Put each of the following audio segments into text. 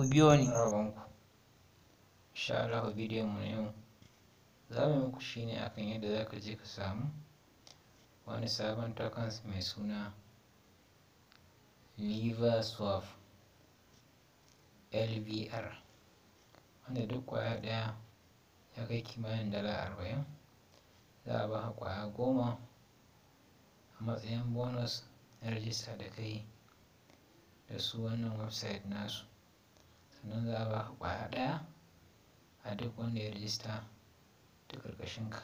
ku biyo ni insha Allah bidiyon mu na yau za mu muku shine akan yadda za ka je ka samu wani sabon takans mai suna liver swap lvr wanda duk kwaya ɗaya ya kai kimanin dala arba'in za a baka kwaya goma a matsayin bonus na rajista da kai da su wannan website nasu sannan za a ba ka ƙwaya ɗaya a duk wanda ya rijista ta ƙarƙashinka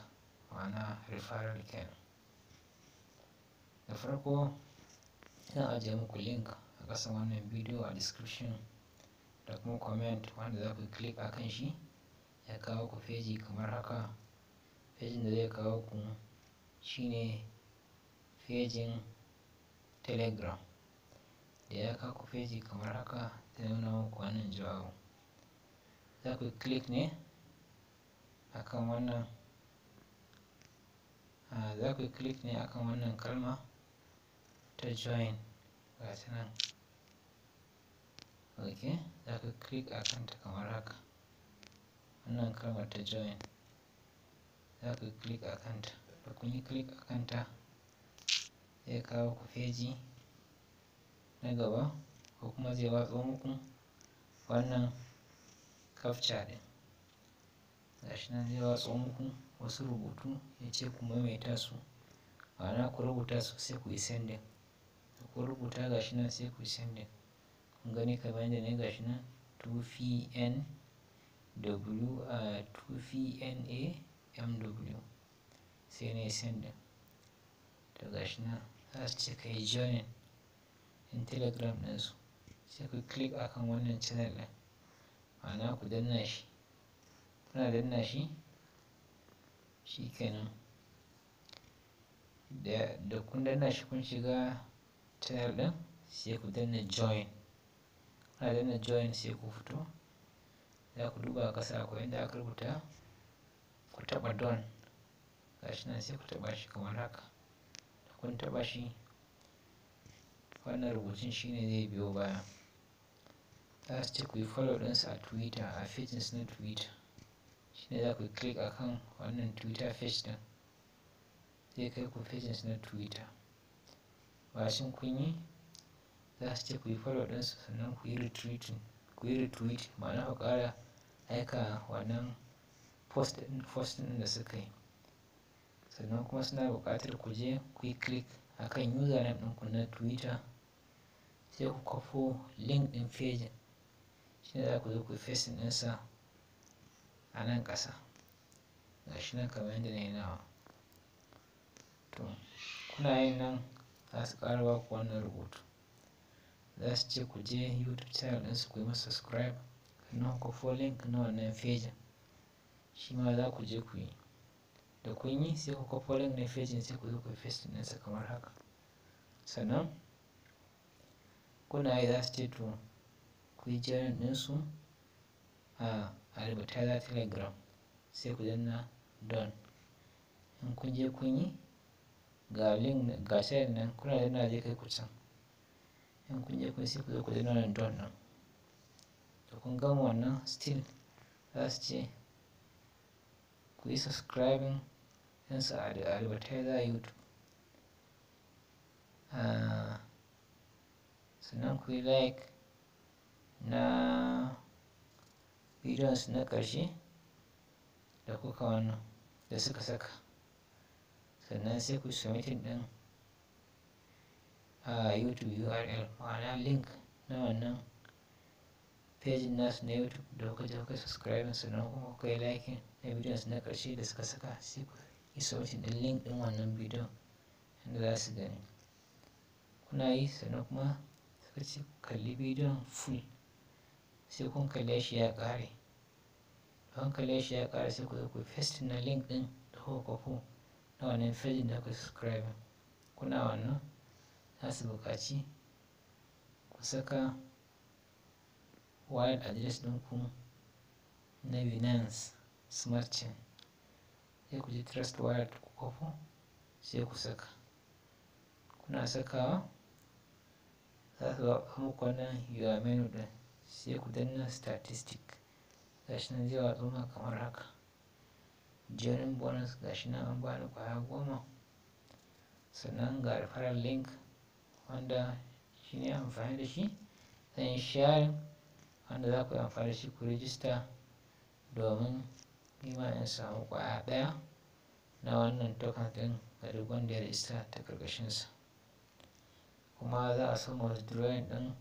ma'ana referral kenan da farko zan ajiye muku link a ƙasan wannan bidiyo a description da kuma comment wanda za ku yi click a kan shi ya kawo ku feji kamar haka fejin da zai kawo ku shine fejin telegram da ya kaku feji kamar haka ta nuna muku wannan jawo za ku click ne akan wannan za ku click ne akan wannan kalma ta join ga ta nan ok za ku click akan ta kamar haka wannan kalmar ta join za ku click akan ta da kun yi click akan ta zai kawo ku feji na gaba ko kuma zai watsa muku wannan kafca ɗin gashi nan zai watsa muku wasu rubutu ya ce ku maimaita su ma'ana ku rubuta su sai ku yi sendin ku rubuta gashi nan sai ku yi sendin kun gani kamar yadda ne gashi nan 2pn w uh, a 2 a mw sai ne sendin to gashi nan za su ce ka yi joinin ɗin telegram su sai ku click akan wannan channel ɗin ma'ana ku danna shi kuna danna shi shi kenan da kun danna shi kun shiga channel ɗin sai ku danna join kuna danna join sai ku fito za ku duba ƙasa ko inda aka rubuta ku taɓa don gashi nan sai ku taɓa shi kamar haka da kun taɓa shi wannan rubutun shine zai biyo baya za su ce ku yi follow ɗinsu a twitter a fitness na twitter shine za ku yi click kan wannan twitter page ɗin zai kai ku fitness na twitter bashin kun yi za su ce ku yi follow ɗinsu sannan ku yi retweeting ku yi retweet ma'ana ku ƙara aika wannan post ɗin post ɗin da suka yi sannan kuma suna buƙatar ku je ku yi click akan username ɗinku na twitter sai ku kafo link ɗin fejin shi ne za ku zo ku fesin ɗinsa a nan ƙasa ga shi nan kamar yadda na yi nawa to kuna yin nan za su ƙara ba ku wannan rubutu za su ce ku je youtube channel ɗinsu ku yi masa subscribe sannan ku kafo link na wannan fejin shi ma za ku je ku yi da kun yi sai ku kafo link na fejin sai ku zo ku fesin ɗinsa kamar haka sannan kuna yi za su ce to ku yi ɗinsu a albertala telegram sai ku danna don in kun je kun yi ga link ga sharing nan kuna danna zai kai ku can in kun je kun sai ku zo ku danna nan don nan to kun gama wannan still za su ce ku yi subscribing ɗinsu a advertiser youtube ah, sannan ku yi like na bidiyonsu na ƙarshe da kuka wannan da suka saka sannan sai ku submitting ɗin a youtube url ma'ana link na wannan page nasu na youtube da kuka ji kuka subscribe sannan kuma kuka yi like na bidiyonsu na ƙarshe da suka saka sai ku yi submitting ɗin link ɗin wannan bidiyon inda za su gani kuna yi sannan kuma suka kalli bidiyon full sai kun kalle shi ya ƙare don kalle shi ya ƙare sai ku ku paste na link ɗin da kuka na wannan page da ku subscribe kuna wannan za su buƙaci ku saka wallet address ku na binance smart chain sai ku ji trust wallet ku sai ku saka kuna sakawa za ka ga kwanan wannan your menu ɗin sai ku danna statistic gashi nan zai watsu ma kamar haka jerin bonus gashi nan an bani kwaya goma sannan ga referral link wanda shi ne amfani da shi zan yi sharing wanda za ku yi amfani da shi ku rijista domin nima in samu kwaya ɗaya na wannan token din ga duk wanda ya rijista ta ƙarƙashinsa kuma za a soma drawing ɗin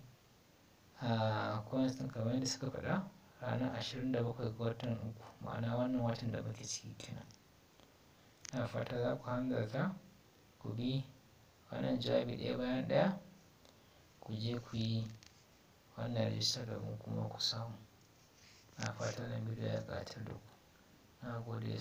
a coins kamar yadda suka faɗa ranar ashirin da bakwai ga watan uku ma'ana wannan watan da muke ciki kenan na fata za ku hanzarta ku bi wannan jawabi ɗaya bayan ɗaya ku je ku yi wannan rijistar da kuma ku samu na fata na bidiyo ya ƙatar da ku na gode